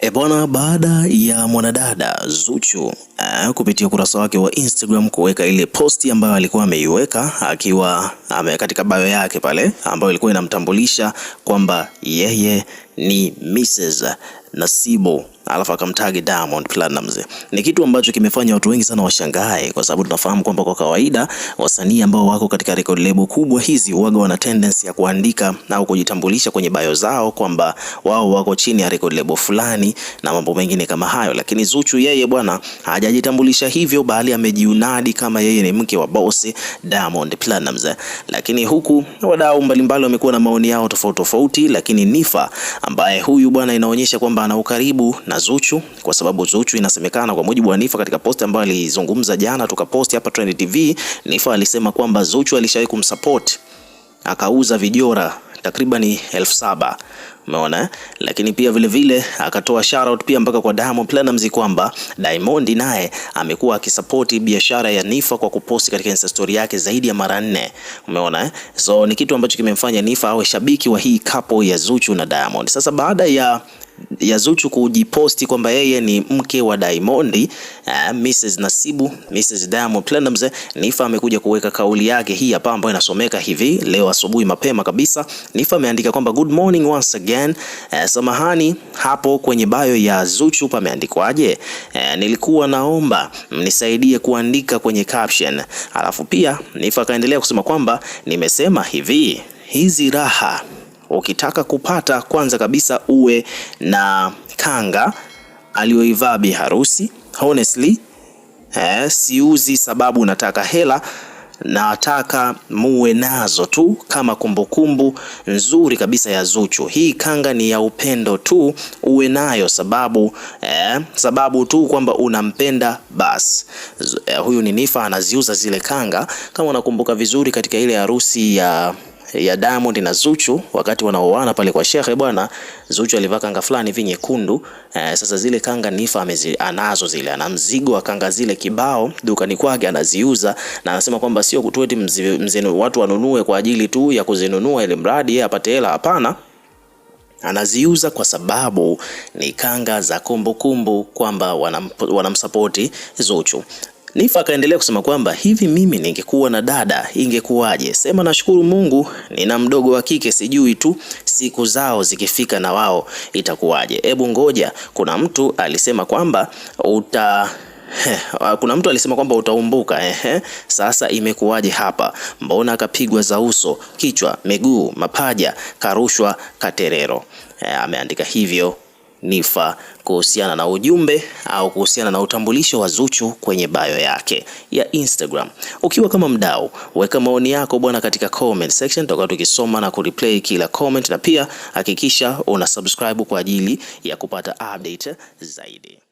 E bwana, baada ya mwanadada Zuchu eh, kupitia ukurasa wake wa Instagram kuweka ile posti ambayo alikuwa ameiweka akiwa ame katika bio yake pale ambayo ilikuwa inamtambulisha kwamba yeye ni Mrs Nasibo alafu akamtagi Diamond Platnumz. Ni kitu ambacho kimefanya watu wengi sana washangae, kwa sababu tunafahamu kwamba kwa kawaida wasanii ambao wako katika record label kubwa hizi huaga wana tendency ya kuandika au kujitambulisha kwenye bio zao kwamba wao wako chini ya record label fulani na mambo mengine kama hayo, lakini Zuchu yeye bwana hajajitambulisha hivyo, bali amejiunadi kama yeye ni mke wa boss Diamond Platnumz. Lakini huku wadau mbalimbali wamekuwa na maoni yao tofauti tofauti, lakini Nifa ambaye huyu bwana inaonyesha kwamba ana ukaribu na Zuchu kwa sababu Zuchu inasemekana, kwa mujibu wa Nifa katika post ambayo alizungumza jana tukaposti hapa Trend TV, Nifa alisema kwamba Zuchu alishawahi kumsupport akauza vijora takriban elfu saba umeona, lakini pia vile vile akatoa shoutout pia mpaka kwa Diamond Platnumz kwamba Diamond naye amekuwa akisapoti biashara ya Nifa kwa kuposti katika Insta story yake zaidi ya mara nne, umeona, so ni kitu ambacho kimemfanya Nifa awe shabiki wa hii couple ya Zuchu na Diamond. Sasa baada ya ya Zuchu kujiposti kwamba yeye ni mke wa Diamond, uh, eh, Mrs Nasibu, Mrs Diamond Platinumz. Nifa amekuja kuweka kauli yake hii hapa ambayo inasomeka hivi leo asubuhi mapema kabisa. Nifa ameandika kwamba good morning once again. Uh, samahani hapo kwenye bio ya Zuchu pameandikwaje? Uh, nilikuwa naomba mnisaidie kuandika kwenye caption. Alafu pia Nifa akaendelea kusema kwamba nimesema hivi hizi raha Ukitaka kupata, kwanza kabisa uwe na kanga aliyoivaa bi harusi. Honestly, eh, siuzi sababu nataka hela, nataka muwe nazo tu kama kumbukumbu kumbu nzuri kabisa ya Zuchu. Hii kanga ni ya upendo tu, uwe nayo sababu eh, sababu tu kwamba unampenda bas Eh, huyu ni Nifa anaziuza zile kanga, kama unakumbuka vizuri, katika ile harusi ya ya Diamond na Zuchu wakati wanaoana pale kwa shehe bwana. Zuchu alivaa kanga fulani hivi nyekundu eh. Sasa zile kanga Nifa amezi, anazo zile, ana mzigo wa kanga zile kibao dukani kwake anaziuza, na anasema kwamba sio kutueti mzenu, watu wanunue kwa ajili tu ya kuzinunua ili mradi yeye apate hela. Hapana, anaziuza kwa sababu ni kanga za kumbukumbu kwamba wanamsapoti Zuchu. Nifa akaendelea kusema kwamba hivi mimi ningekuwa na dada ingekuwaje? Sema nashukuru Mungu nina mdogo wa kike, sijui tu siku zao zikifika na wao itakuwaje. Ebu ngoja, kuna mtu alisema kwamba uta Heh, kuna mtu alisema kwamba utaumbuka. Ehe, sasa imekuwaje hapa? Mbona akapigwa za uso, kichwa, miguu, mapaja, karushwa katerero. Ameandika hivyo nifa kuhusiana na ujumbe au kuhusiana na utambulisho wa Zuchu kwenye bio yake ya Instagram. Ukiwa kama mdau, weka maoni yako bwana katika comment section, toka tukisoma na kureplay kila comment, na pia hakikisha una subscribe kwa ajili ya kupata update zaidi.